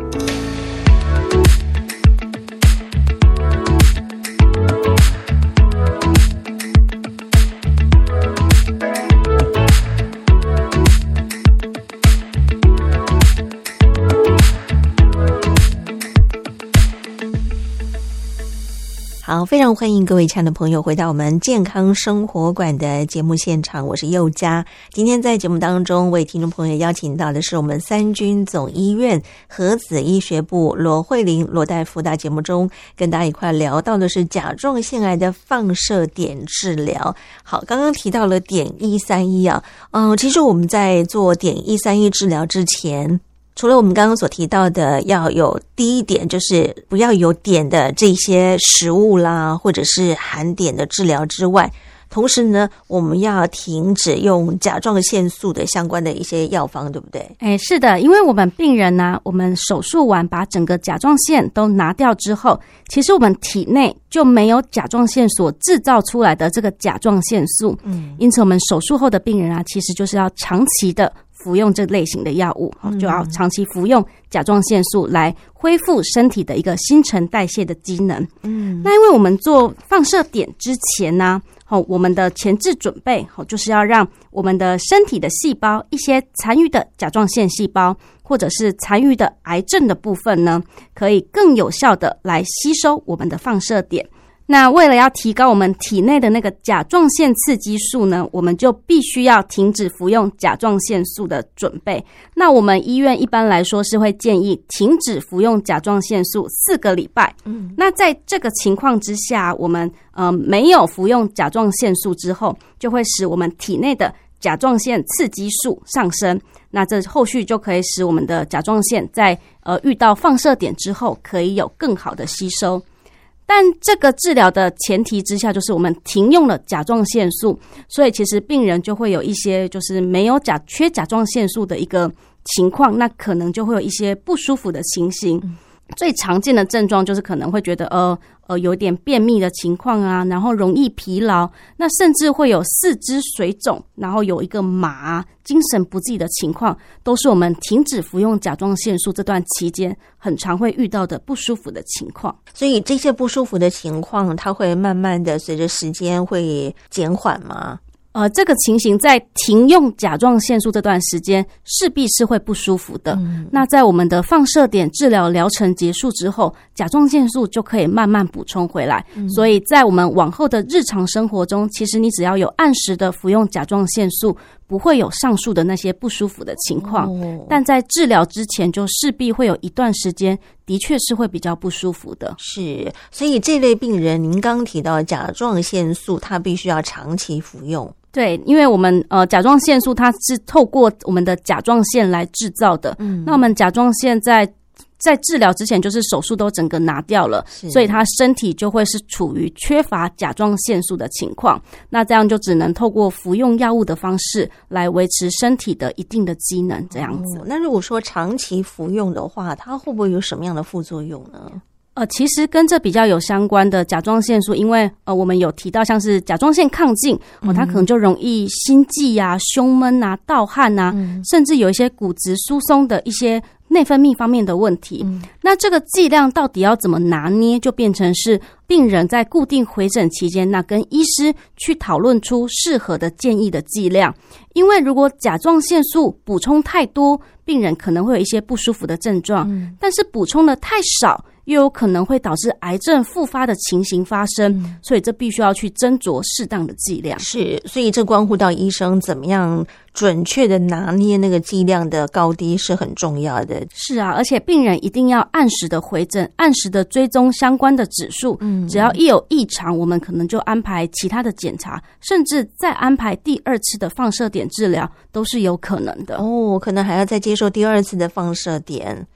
好，非常歡迎各位親愛的朋友回到我們健康生活館的節目現場，我是佑佳。今天在節目當中為聽眾朋友邀請到的是我們三軍總醫院核子醫學部羅惠鈴羅大夫，大節目中跟大家一塊聊到的是甲狀腺癌的放射碘治療。好，剛剛提到了碘一三一啊，嗯、呃，其實我們在做碘一三一治療之前。除了我們剛剛所提到的要有第一點，就是不要有碘的這些食物啦，或者是含碘的治療之外，同時呢，我們要停止用甲狀腺素的相關的一些藥方，對不對？誒、哎、是的，因為我們病人呢、啊，我們手術完把整個甲狀腺都拿掉之後，其實我們體內就沒有甲狀腺所制造出來的這個甲狀腺素，嗯，因此我們手術後的病人啊，其實就是要長期的。服用這類型的藥物，哦，就要長期服用甲狀腺素來恢復身體的一個新陳代謝的機能。嗯，那因為我們做放射碘之前呢，好，我們的前置準備，好，就是要讓我們的身體的細胞一些殘餘的甲狀腺細胞或者是殘餘的癌症的部分呢，可以更有效的來吸收我們的放射碘。那為了要提高我們體內的那個甲狀腺刺激素呢，我們就必須要停止服用甲狀腺素的準備。那我們醫院一般來說是會建議停止服用甲狀腺素四個禮拜。嗯，那在這個情況之下，我們呃沒有服用甲狀腺素之後，就會使我們體內的甲狀腺刺激素上升。那這後續就可以使我們的甲狀腺在呃遇到放射碘之後，可以有更好的吸收。但這個治療的前提之下，就是我們停用了甲狀腺素，所以其實病人就會有一些就是沒有甲缺甲狀腺素的一個情況，那可能就會有一些不舒服的情形。嗯、最常見的症狀就是可能會覺得呃。呃，有點便秘的情況啊，然後容易疲勞，那甚至會有四肢水腫，然後有一個麻、啊、精神不濟的情況，都是我們停止服用甲狀腺素這段期間很常會遇到的不舒服的情況。所以這些不舒服的情況，它會慢慢的隨着時間會減緩嗎？呃，這個情形在停用甲狀腺素這段時間，勢必是會不舒服的。嗯、那在我們的放射碘治療療程結束之後，甲狀腺素就可以慢慢補充回來。嗯、所以在我們往後的日常生活中，其實你只要有按時的服用甲狀腺素。不會有上述的那些不舒服的情況，哦、但在治療之前就勢必會有一段時間，的確是會比較不舒服的。是，所以這類病人，您剛提到甲狀腺素，它必須要長期服用。對，因為我們呃甲狀腺素它是透過我們的甲狀腺來製造的，嗯，那我們甲狀腺在。在治療之前，就是手術都整個拿掉了，是所以他身體就會是處於缺乏甲狀腺素的情況。那這樣就只能透過服用藥物的方式來維持身體的一定的機能，這樣子。哦、那如果說長期服用的話，它會不會有什麼樣的副作用呢？呃，其實跟這比較有相關的甲狀腺素，因為呃，我們有提到像是甲狀腺亢進，哦，它可能就容易心悸啊、胸悶、嗯、啊、盜汗啊，嗯、甚至有一些骨質疏鬆的一些。內分泌方面的問題，那這個劑量到底要怎麼拿捏，就變成是病人在固定回診期間，那跟醫師去討論出適合的建議的劑量。因為如果甲狀腺素補充太多，病人可能會有一些不舒服的症狀，但是補充的太少。又有可能會導致癌症復發的情形發生，所以這必須要去斟酌適當的劑量。是，所以這關乎到醫生怎麼樣準確的拿捏那個劑量的高低是很重要的。是啊，而且病人一定要按時的回診，按時的追蹤相關的指數。嗯，只要一有異常，我們可能就安排其他的檢查，甚至再安排第二次的放射碘治療，都是有可能的。哦，可能還要再接受第二次的放射碘。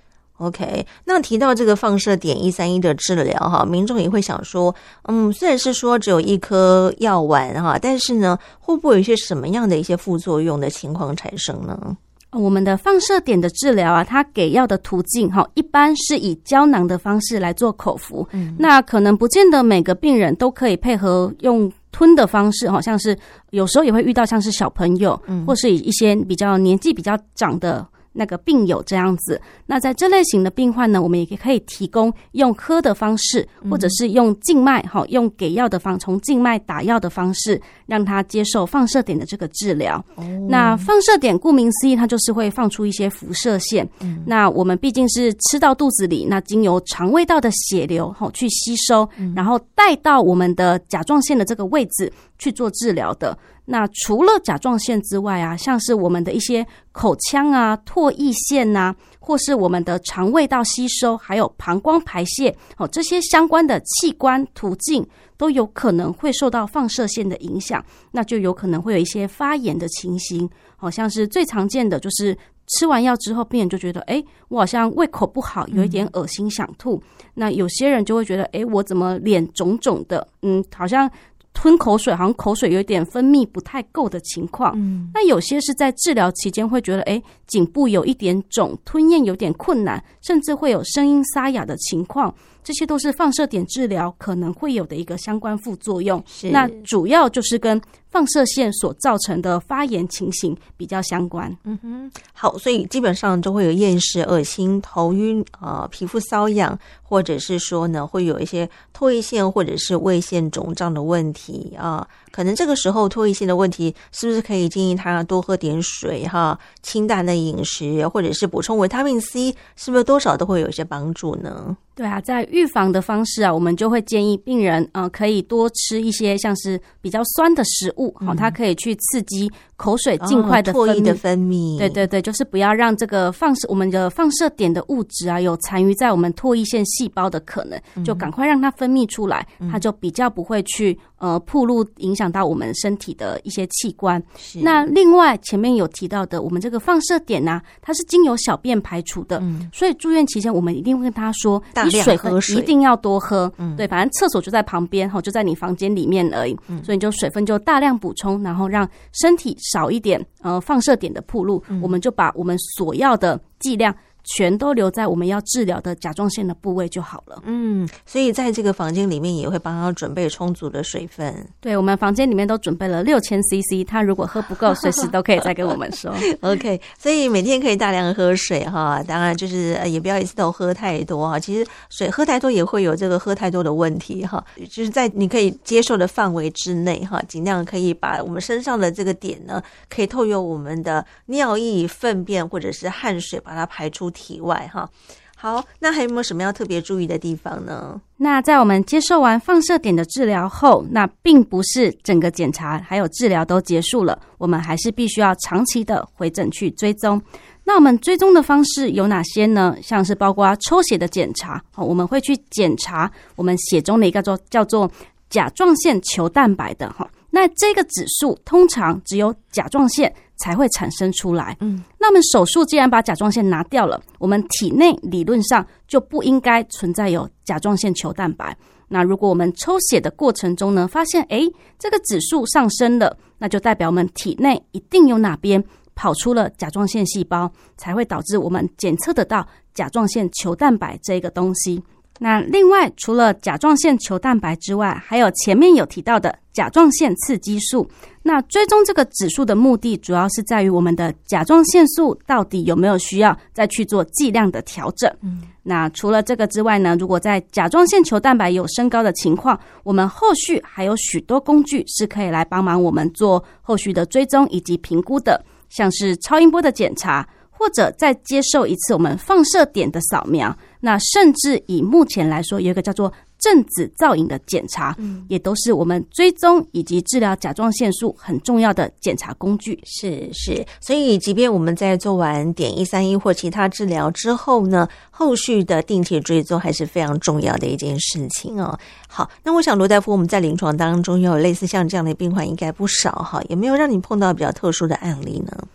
OK，那提到這個放射碘一三一的治療哈，民眾也會想說，嗯，雖然是說只有一顆藥丸哈，但是呢，會不會有一些什麼樣的一些副作用的情況產生呢？我們的放射碘的治療啊，它給藥的途徑哈，一般是以膠囊的方式來做口服，嗯，那可能不見得每個病人都可以配合用吞的方式，像是有時候也會遇到像是小朋友，嗯，或是一些比較年紀比較長的那個病友這樣子，那在這類型的病患呢，我們也可以提供用喝的方式，或者是用靜脈哈，用給藥的方，從靜脈打藥的方式，讓他接受放射碘的這個治療。Oh. 那放射碘顧名思義，它就是會放出一些輻射線。Oh. 那我們畢竟是吃到肚子裡，那經由腸胃道的血流吼去吸收，然後帶到我們的甲狀腺的這個位置，去做治療的，那除了甲狀腺之外啊，像是我們的一些口腔啊、唾液腺吶、啊，或是我們的腸胃道吸收，還有膀胱排泄，哦，這些相關的器官途徑都有可能會受到放射線的影響，那就有可能會有一些發炎的情形，好、哦、像是最常見的，就是吃完藥之後，病人就覺得，哎，我好像胃口不好，有一點惡心想吐，嗯、那有些人就會覺得，哎，我怎麼臉腫腫的，嗯，好像。吞口水，好像口水有點分泌不太夠的情況，嗯，那有些是在治療期間會覺得，哎，頸部有一點腫，吞咽有點困難，甚至會有聲音沙啞的情況。這些都是放射碘治療可能會有的一個相關副作用，是那主要就是跟放射線所造成的發炎情形比較相關。嗯哼，好，所以基本上就會有厭食、噁心、頭暈啊、呃，皮膚瘙癢，或者是說呢，會有一些唾液腺或者是胃腺腫脹的問題啊。呃可能這個時候唾液腺的問題，是不是可以建議他多喝點水哈？清淡的飲食，或者是補充維他命 C，是不是多少都會有一些幫助呢？對啊，在預防的方式啊，我們就會建議病人啊、呃，可以多吃一些像是比較酸的食物哈，嗯、它可以去刺激。口水盡快的分泌、哦、唾液的分泌，對對對，就是不要讓這個放射我們的放射碘的物質啊有殘餘在我們唾液腺細胞的可能，嗯、就趕快讓它分泌出來，它就比較不會去呃暴露影響到我們身體的一些器官。是那另外前面有提到的，我們這個放射碘呢、啊，它是經由小便排除的，嗯、所以住院期間我們一定會跟他說，大量水你水喝，一定要多喝，嗯、對，反正廁所就在旁邊哈，就在你房間裡面而已，嗯、所以你就水分就大量補充，然後讓身體。少一點，呃，放射碘的暴露，嗯、我們就把我們所要的劑量。全都留在我們要治療的甲狀腺的部位就好了。嗯，所以在這個房間裡面也會幫他準備充足的水分。對，我們房間裡面都準備了六千 CC，他如果喝不夠，隨時都可以再跟我們說。 <laughs> <laughs> OK，所以每天可以大量喝水哈，當然就是呃也不要一次都喝太多哈。其實水喝太多也會有這個喝太多的問題哈，就是在你可以接受的範圍之內哈，盡量可以把我們身上的這個碘呢，可以透過我們的尿液、糞便或者是汗水把它排出。體外哈，好，那還有沒有什麼要特別注意的地方呢？那在我們接受完放射碘的治療後，那並不是整個檢查還有治療都結束了，我們還是必須要長期的回診去追蹤。那我們追蹤的方式有哪些呢？像是包括抽血的檢查，好，我們會去檢查我們血中的一個叫做叫做甲狀腺球蛋白的哈，那這個指數通常只有甲狀腺，才會產生出來。嗯，那麼手術既然把甲狀腺拿掉了，我們體內理論上就不應該存在有甲狀腺球蛋白。那如果我們抽血的過程中呢，發現誒這個指數上升了，那就代表我們體內一定有哪邊跑出了甲狀腺細胞，才會導致我們檢測得到甲狀腺球蛋白這個東西。那另外，除了甲狀腺球蛋白之外，還有前面有提到的甲狀腺刺激素。那追蹤這個指數的目的，主要是在於我們的甲狀腺素到底有沒有需要再去做劑量的調整。嗯、那除了這個之外呢，如果在甲狀腺球蛋白有升高的情況，我們後續還有許多工具是可以來幫忙我們做後續的追蹤以及評估的，像是超音波的檢查，或者再接受一次我們放射碘的掃描。那甚至以目前來說，有一個叫做正子造影的檢查，嗯，也都是我們追蹤以及治療甲狀腺素很重要的檢查工具。是是，所以即便我們在做完碘一三一或其他治療之後呢，後續的定期追蹤還是非常重要的一件事情哦。好，那我想羅大夫，我們在臨床當中要有類似像這樣的病患應該不少哈，有沒有讓你碰到比較特殊的案例呢？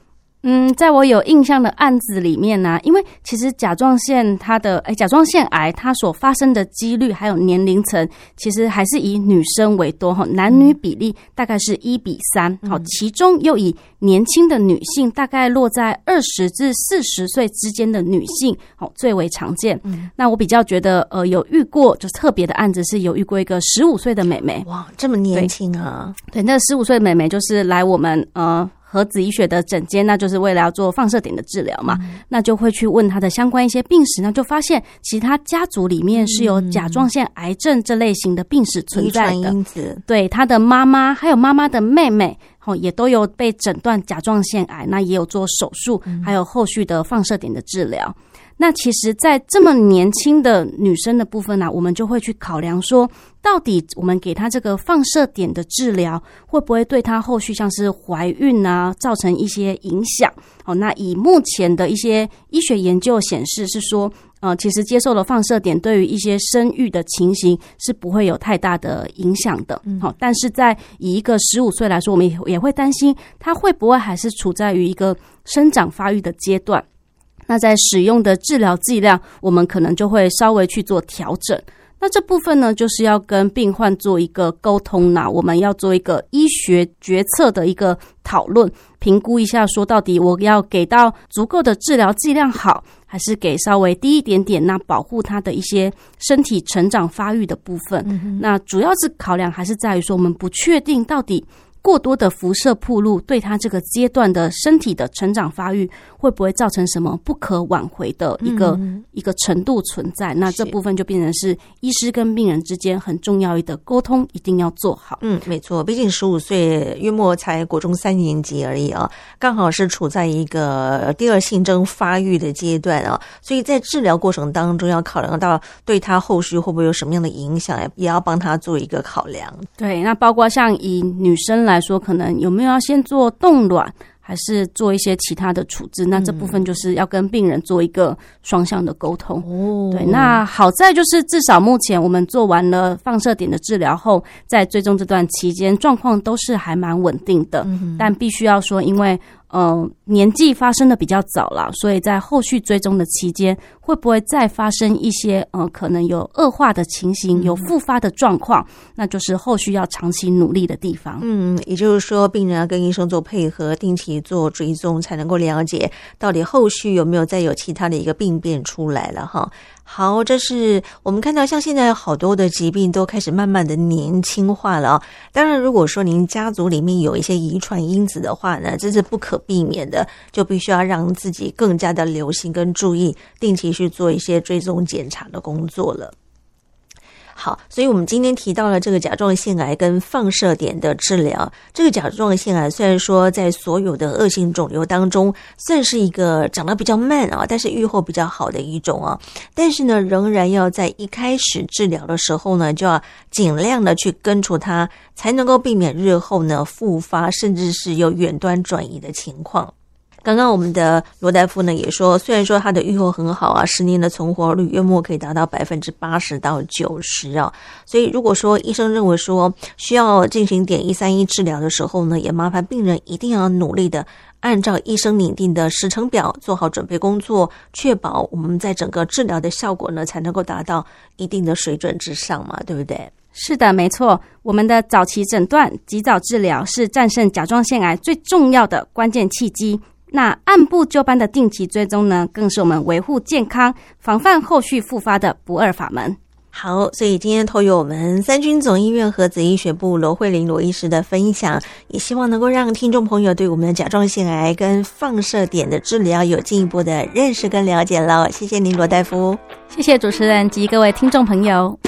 嗯，在我有印象的案子裡面呢、啊，因為其實甲狀腺它的誒、欸，甲狀腺癌它所發生的幾率還有年齡層，其實還是以女生為多哈，男女比例大概是一比三、嗯，好，其中又以年輕的女性，大概落在二十至四十歲之間的女性，最為常見。嗯、那我比較覺得，呃，有遇過就特別的案子是有遇過一個十五歲的妹妹，哇，這麼年輕啊，對！對，那十五歲的妹妹就是來我們呃。核子醫學的診間，那就是為了要做放射碘的治療嘛，嗯、那就會去問他的相關一些病史，那就發現其他家族裡面是有甲狀腺癌症這類型的病史存在的，因子、嗯嗯、對，他的媽媽還有媽媽的妹妹吼，也都有被診斷甲狀腺癌，那也有做手術，還有後續的放射碘的治療。嗯、那其實，在這麼年輕的女生的部分呢、啊，我們就會去考量說。到底我們給他這個放射碘的治療會不會對他後續像是懷孕啊，造成一些影響？哦，那以目前的一些醫學研究顯示是說，呃，其實接受了放射碘對於一些生育的情形是不會有太大的影響的。好、嗯，但是在以一個十五歲來說，我們也也會擔心他會不會還是處在於一個生長發育的階段。那在使用的治療劑量，我們可能就會稍微去做調整。那這部分呢，就是要跟病患做一個溝通啦。我們要做一個醫學決策的一個討論，評估一下，說到底我要給到足夠的治療劑量好，還是給稍微低一點點，那保護他的一些身體成長發育的部分。嗯哼。那主要是考量，還是在於說，我們不確定到底。過多的輻射暴露對他這個階段的身體的成長發育會不會造成什麼不可挽迴的一個、嗯、一個程度存在？那這部分就變成是醫師跟病人之間很重要的溝通，一定要做好。嗯，沒錯，畢竟十五歲約莫才國中三年級而已啊，剛好是處在一個第二性徵發育的階段啊，所以在治療過程當中要考量到對他後續會不會有什麼樣的影響，也也要幫他做一個考量。對，那包括像以女生。來說，可能有沒有要先做凍卵，還是做一些其他的處置？那這部分就是要跟病人做一個雙向的溝通。嗯、對，那好在就是至少目前我們做完了放射碘的治療後，在追蹤這段期間狀況都是還蠻穩定的。嗯、哼但必須要說，因為。呃，年紀發生的比較早了，所以在後續追蹤的期間，會不會再發生一些呃，可能有惡化的情形，有復發的狀況，嗯、那就是後續要長期努力的地方。嗯，也就是說，病人要跟醫生做配合，定期做追蹤，才能夠了解到底後續有沒有再有其他的一個病變出來了哈。好，這是我們看到，像現在好多的疾病都開始慢慢的年輕化了。當然，如果說您家族裡面有一些遺傳因子的話呢，這是不可避免的，就必須要讓自己更加的留心跟注意，定期去做一些追蹤檢查的工作了。好，所以我們今天提到了這個甲狀腺癌跟放射碘的治療。這個甲狀腺癌、啊、雖然說在所有的惡性腫瘤當中算是一個長得比較慢啊，但是預後比較好的一種啊，但是呢，仍然要在一開始治療的時候呢，就要盡量的去根除它，才能夠避免日後呢復發，甚至是有遠端轉移的情況。剛剛我們的羅大夫呢也說，雖然說他的預後很好啊，十年的存活率約莫可以達到百分之八十到九十啊。所以如果說醫生認為說需要進行碘一三一治療的時候呢，也麻煩病人一定要努力的按照醫生擬定的時程表做好準備工作，確保我們在整個治療的效果呢才能夠達到一定的水準之上嘛，對不對？是的，沒錯。我們的早期診斷、及早治療是戰勝甲狀腺癌最重要的關鍵契機。那按部就班的定期追蹤呢，更是我們維護健康、防範後續復發的不二法門。好，所以今天透過我們三軍總醫院核子醫學部羅惠鈴羅醫師的分享，也希望能夠讓聽眾朋友對我們的甲狀腺癌跟放射碘的治療有進一步的認識跟了解嘍。謝謝您，羅大夫。謝謝主持人及各位聽眾朋友。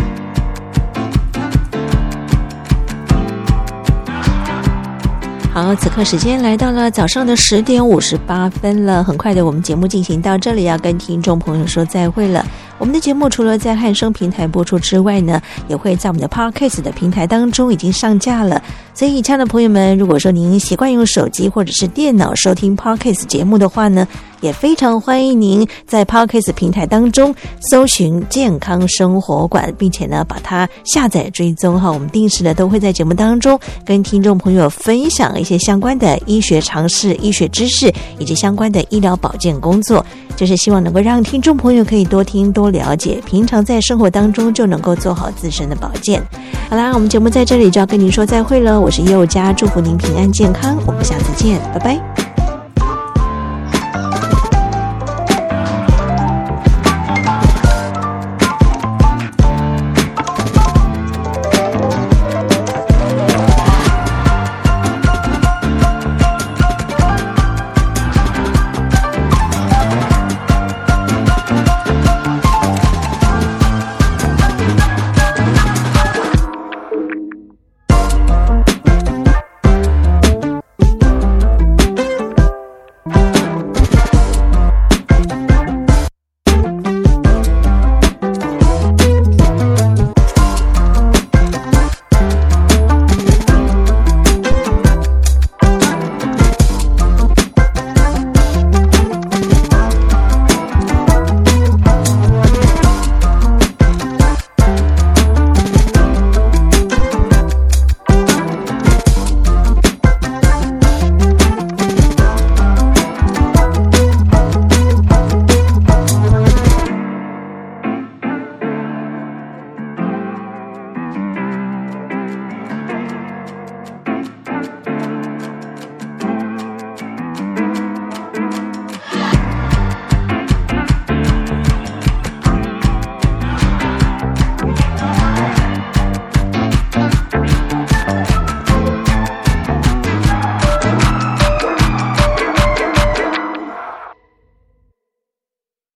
好，此刻時間來到了早上的十點五十八分了。很快的，我們節目進行到這裡，要跟聽眾朋友說再會了。我們的節目除了在漢聲平台播出之外呢，也會在我們的 Podcast 的平台當中已經上架了。所以，親愛的朋友們，如果說您習慣用手機或者是電腦收聽 Podcast 節目的話呢，也非常歡迎您在 Pocket 平台當中搜尋“健康生活館”，並且呢把它下載追蹤哈。我們定時的都會在節目當中跟聽眾朋友分享一些相關的醫學常識、醫學知識以及相關的醫療保健工作，就是希望能夠讓聽眾朋友可以多聽、多了解，平常在生活當中就能夠做好自身的保健。好啦，我們節目在這裡就要跟您說再會了。我是佑佳，祝福您平安健康，我們下次見，拜拜。